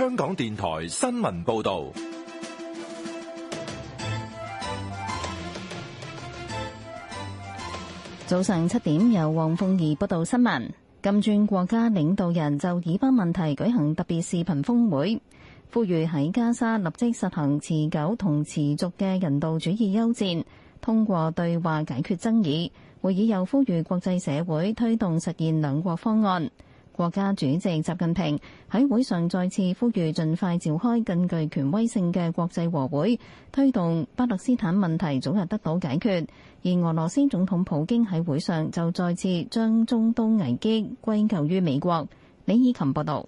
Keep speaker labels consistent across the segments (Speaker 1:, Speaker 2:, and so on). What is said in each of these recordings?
Speaker 1: 香港電台新聞報道，
Speaker 2: 早上七點由黃鳳儀報道新聞。金磚國家領導人就以巴問題舉行特別視頻峰會，呼籲喺加沙立即實行持久同持續嘅人道主義休戰，通過對話解決爭議。會議又呼籲國際社會推動實現兩國方案。國家主席習近平喺會上再次呼籲盡快召開更具權威性嘅國際和會，推動巴勒斯坦問題早日得到解決。而俄羅斯總統普京喺會上就再次將中東危機
Speaker 1: 歸咎於美國。李以琴報道。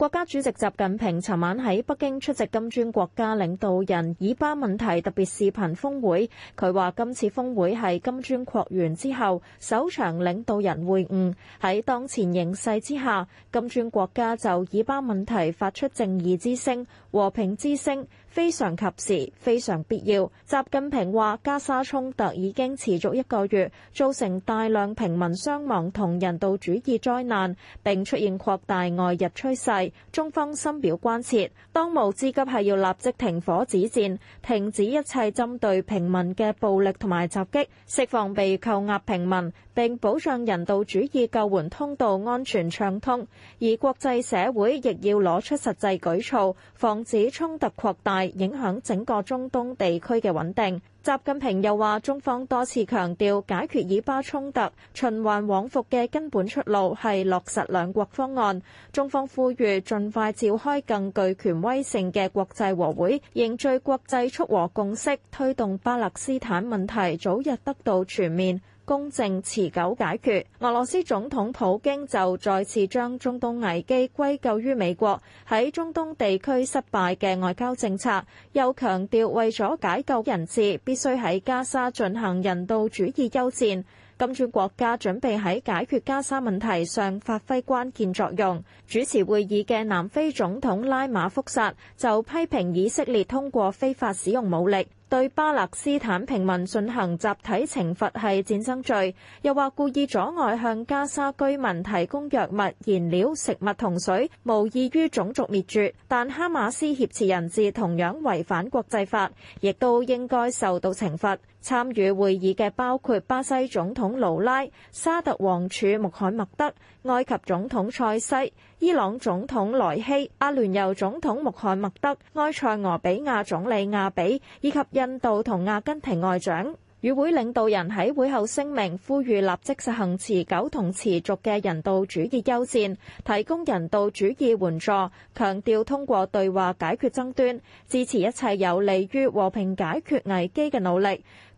Speaker 1: 國家主席習近平尋晚喺北京出席金磚國家領導人以巴問題特別視頻峰會，佢話今次峰會係金磚擴員之後首場領導人會晤。喺當前形勢之下，金磚國家就以巴問題發出正義之聲、和平之聲。非常及時，非常必要。習近平話：加沙衝突已經持續一個月，造成大量平民傷亡同人道主義災難，並出現擴大外溢趨勢。中方深表關切，當務之急係要立即停火止戰，停止一切針對平民嘅暴力同埋襲擊，釋放被扣押平民，並保障人道主義救援通道安全暢通。而國際社會亦要攞出實際舉措，防止衝突擴大，影響整個中東地區嘅穩定。習近平又話，中方多次強調，解決以巴衝突循環往復嘅根本出路係落實兩國方案。中方呼籲盡快召開更具權威性嘅國際和會，凝聚國際促和共識，推動巴勒斯坦問題早日得到全面。公正持久解決。俄羅斯總統普京就再次將中東危機歸咎於美國喺中東地區失敗嘅外交政策，又強調為咗解救人質必須喺加沙進行人道主義休戰，金磚國家準備喺解決加沙問題上發揮關鍵作用。主持會議嘅南非總統拉馬福薩就批評以色列通過非法使用武力，對巴勒斯坦平民進行集體懲罰係戰爭罪，又話故意阻礙向加沙居民提供藥物、燃料、食物同水，無異於種族滅絕。但哈馬斯挾持人質同樣違反國際法，亦都應該受到懲罰。參與會議嘅包括巴西總統盧拉、沙特王儲穆罕默德、埃及總統塞西、伊朗總統萊希、阿聯酋總統穆罕默德、埃塞俄比亞總理亞比，以及印度同阿根廷外長。與會領導人喺會後聲明，呼籲立即實行持久同持續嘅人道主義休戰，提供人道主義援助，強調通過對話解決爭端，支持一切有利於和平解決危機嘅努力。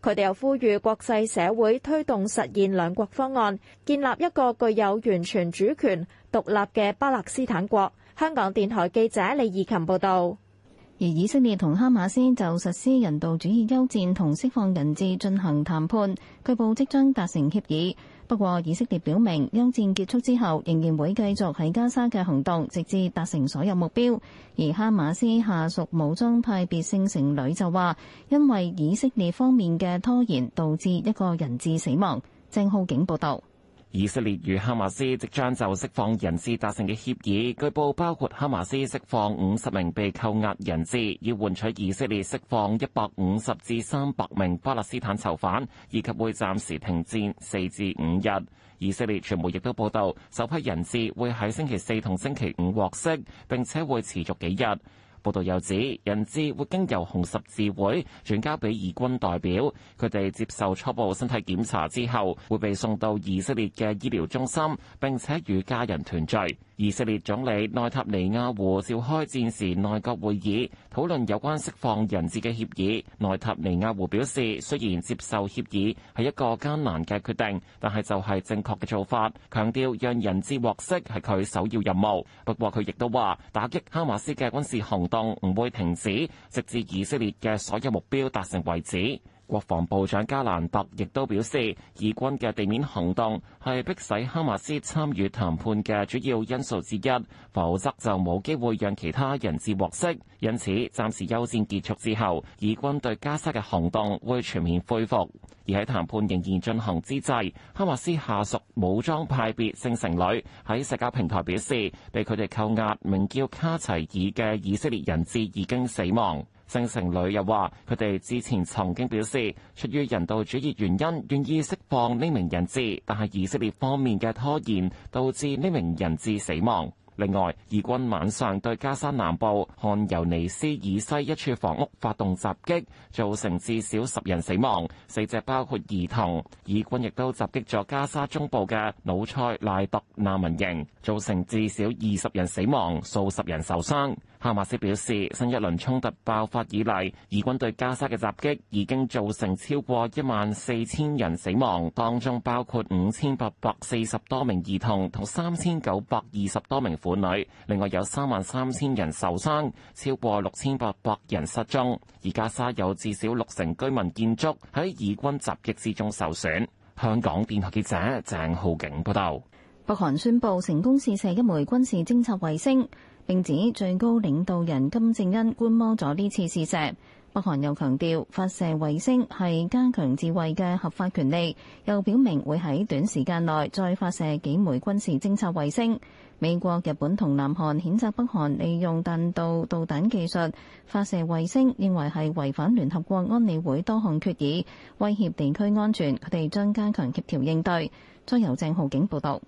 Speaker 1: 佢哋又呼籲國際社會推動實現兩國方案，建立一個具有完全主權、獨立嘅巴勒斯坦國。香港電台記者李義琴報道。
Speaker 2: 而以色列同哈馬斯就實施人道主義休戰同釋放人質進行談判，據報即將達成協議。不過以色列表明，休戰結束之後仍然會繼續喺加沙嘅行動，直至達成所有目標。而哈馬斯下屬武裝派別聖城旅就話，因為以色列方面嘅拖延，導致一個人質死亡。鄭浩景報導。
Speaker 3: 以色列與哈馬斯即將就釋放人質達成嘅協議，據報包括哈馬斯釋放五十名被扣押人質，以換取以色列釋放一百五十至三百名巴勒斯坦囚犯，以及會暫時停戰四至五日。以色列傳媒亦都報道，首批人質會喺星期四同星期五獲釋，並且會持續幾日。報道又指，人質會經由紅十字會轉交俾義軍代表，佢哋接受初步身體檢查之後，會被送到以色列嘅醫療中心，並且與家人團聚。以色列總理內塔尼亞胡召開戰時內閣會議，討論有關釋放人質嘅協議。內塔尼亞胡表示，雖然接受協議係一個艱難嘅決定，但係就係正確嘅做法，強調讓人質獲釋係佢首要任務。不過佢亦都話，打擊哈馬斯嘅軍事行動唔會停止，直至以色列嘅所有目標達成為止。國防部長加蘭特亦都表示，以軍嘅地面行動係迫使哈馬斯參與談判嘅主要因素之一，否則就冇機會讓其他人質獲釋。因此，暫時休戰結束之後，以軍對加沙嘅行動會全面恢復。而喺談判仍然進行之際，哈馬斯下屬武裝派別聖城旅喺社交平台表示，被佢哋扣押名叫卡齊爾嘅以色列人質已經死亡。聖城旅又話，佢哋之前曾經表示，出於人道主義原因，願意釋放呢名人質，但係以色列方面嘅拖延導致呢名人質死亡。另外，以軍晚上對加沙南部漢尤尼斯以西一處房屋發動襲擊，造成至少十人死亡，死者包括兒童。以軍亦都襲擊咗加沙中部嘅魯塞賴特難民營，造成至少二十人死亡，數十人受傷。哈馬斯表示，新一輪衝突爆發以嚟，以軍對加沙嘅襲擊已經造成超過一萬四千人死亡，當中包括五千八百四十多名兒童同三千九百二十多名婦女，另外有三萬三千人受傷，超過六千八百人失蹤。而加沙有至少六成居民建築喺以軍襲擊之中受損。香港電台記者鄭浩景報道。北韓
Speaker 2: 宣布成功試射一枚軍事偵察衛星。並指最高領導人金正恩觀摩咗呢次試射。北韓又強調發射衛星係加強自衛嘅合法權利，又表明會喺短時間內再發射幾枚軍事偵察衛星。美國、日本同南韓譴責北韓利用彈道導彈技術發射衛星，認為係違反聯合國安理會多項決議，威脅地區安全。佢哋將加強協調應對。再由鄭浩景報道。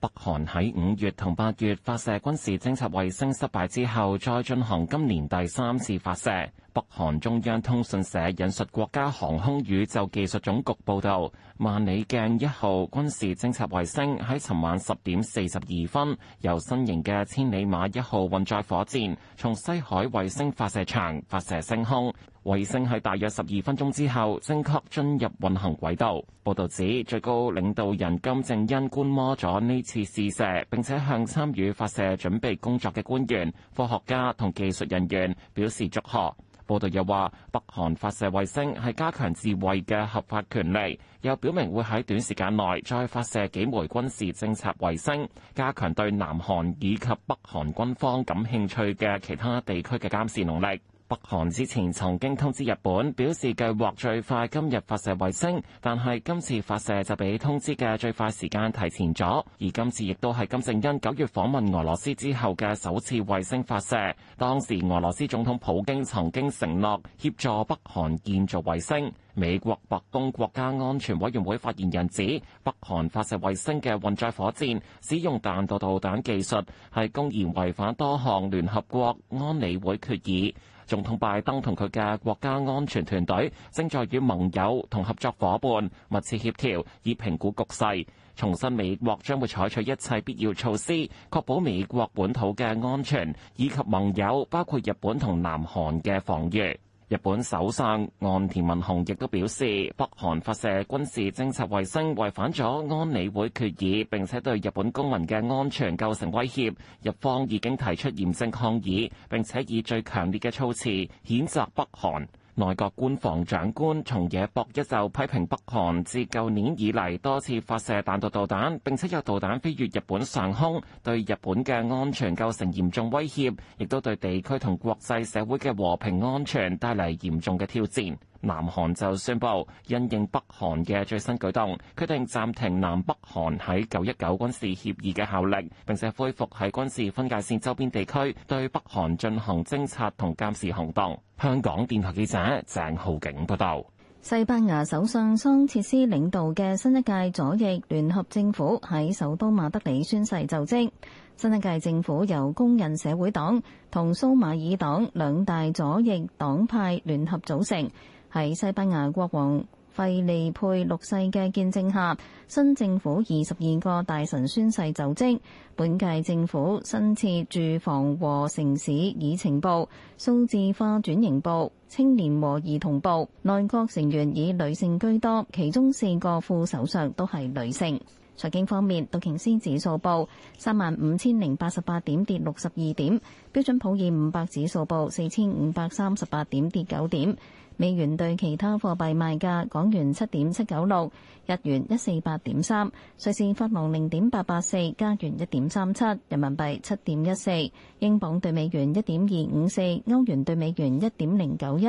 Speaker 3: 北韓喺五月同八月發射軍事偵察衛星失敗之後，再進行今年第三次發射。北韓中央通訊社引述國家航空宇宙技術總局報導，萬里鏡一號軍事偵察衛星喺尋晚十點四十二分，由新型嘅千里馬一號運載火箭從西海衛星發射場發射升空。衛星喺大約十二分鐘之後，正確進入運行軌道。報導指，最高領導人金正恩觀摩咗呢次試射，並且向參與發射準備工作嘅官員、科學家同技術人員表示祝賀。報導又話，北韓發射衛星係加強自衛嘅合法權利，又表明會喺短時間內再發射幾枚軍事偵察衛星，加強對南韓以及北韓軍方感興趣嘅其他地區嘅監視能力。北韓之前曾經通知日本，表示計劃最快今日發射衛星，但係今次發射就比通知嘅最快時間提前咗。而今次亦都係金正恩九月訪問俄羅斯之後嘅首次衛星發射。當時俄羅斯總統普京曾經承諾協助北韓建造衛星。美國白宮國家安全委員會發言人指，北韓發射衛星嘅運載火箭使用彈道導彈技術，係公然違反多項聯合國安理會決議。總統拜登同佢嘅國家安全團隊正在與盟友同合作伙伴密切協調，以評估局勢，重申美國將會採取一切必要措施，確保美國本土嘅安全，以及盟友包括日本同南韓嘅防禦。日本首相岸田文雄亦都表示，北韓發射軍事偵察衛星違反咗安理會決議，並且對日本公民嘅安全構成威脅，日方已經提出嚴正抗議，並且以最強烈嘅措辭譴責北韓。內閣官房長官松野博一就批評北韓自舊年以嚟多次發射彈道導彈，並且有導彈飛越日本上空，對日本嘅安全構成嚴重威脅，亦都對地區同國際社會嘅和平安全帶嚟嚴重嘅挑戰。南韓就宣布，因應北韓嘅最新舉動，決定暫停南北韓喺九一九軍事協議嘅效力，並且恢復喺軍事分界線周邊地區對北韓進行偵察同監視行動。香港電台記者鄭浩景報道。
Speaker 2: 西班牙首相桑切斯領導嘅新一屆左翼聯合政府喺首都馬德里宣誓就職。新一屆政府由工人社會黨同蘇馬爾黨兩大左翼黨派聯合組成。喺西班牙國王費利佩六世嘅見證下，新政府二十二個大臣宣誓就職。本屆政府新設住房和城市議程部、數字化轉型部、青年和兒童部。內閣成員以女性居多，其中四個副首相都係女性。財經方面，道瓊斯指數報三萬五千零八十八點，跌六十二點；標準普爾五百指數報四千五百三十八點，跌九點。美元兌其他貨幣賣價：港元七點七九六，日元一四八點三，瑞士法郎零點八八四，加元一點三七，人民幣七點一四，英鎊對美元一點二五四，歐元對美元一點零九一，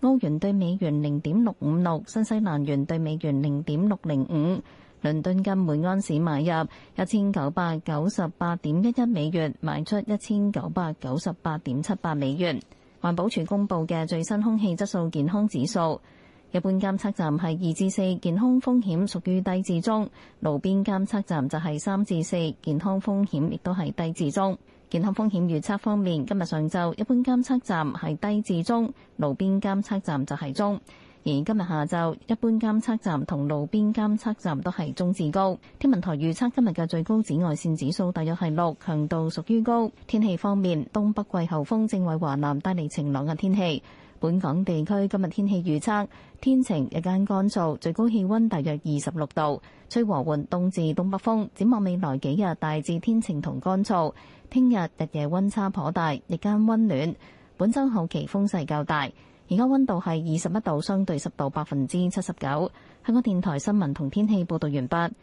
Speaker 2: 歐元對美元零點六五六，新西蘭元對美元零點六零五。倫敦金每安士買入一千九百九十八點一一美元，賣出一千九百九十八點七八美元。環保署公布嘅最新空氣質素健康指數，一般監測站係二至四，健康風險屬於低至中；路邊監測站就係三至四，健康風險亦都係低至中。健康風險預測方面，今日上晝一般監測站係低至中，路邊監測站就係中。而今日下晝，一般監測站同路邊監測站都係中至高。天文台預測今日嘅最高紫外線指數大約係六，強度屬於高。天氣方面，東北季候風正為華南帶嚟晴朗嘅天氣。本港地區今日天氣預測，天晴日間乾燥，最高氣溫大約二十六度，吹和緩東至東北風。展望未來幾日，大致天晴同乾燥。聽日日夜溫差頗大，日間溫暖。本周後期風勢較大。而家溫度係二十一度，相對濕度百分之七十九。香港電台新聞同天氣報道完畢。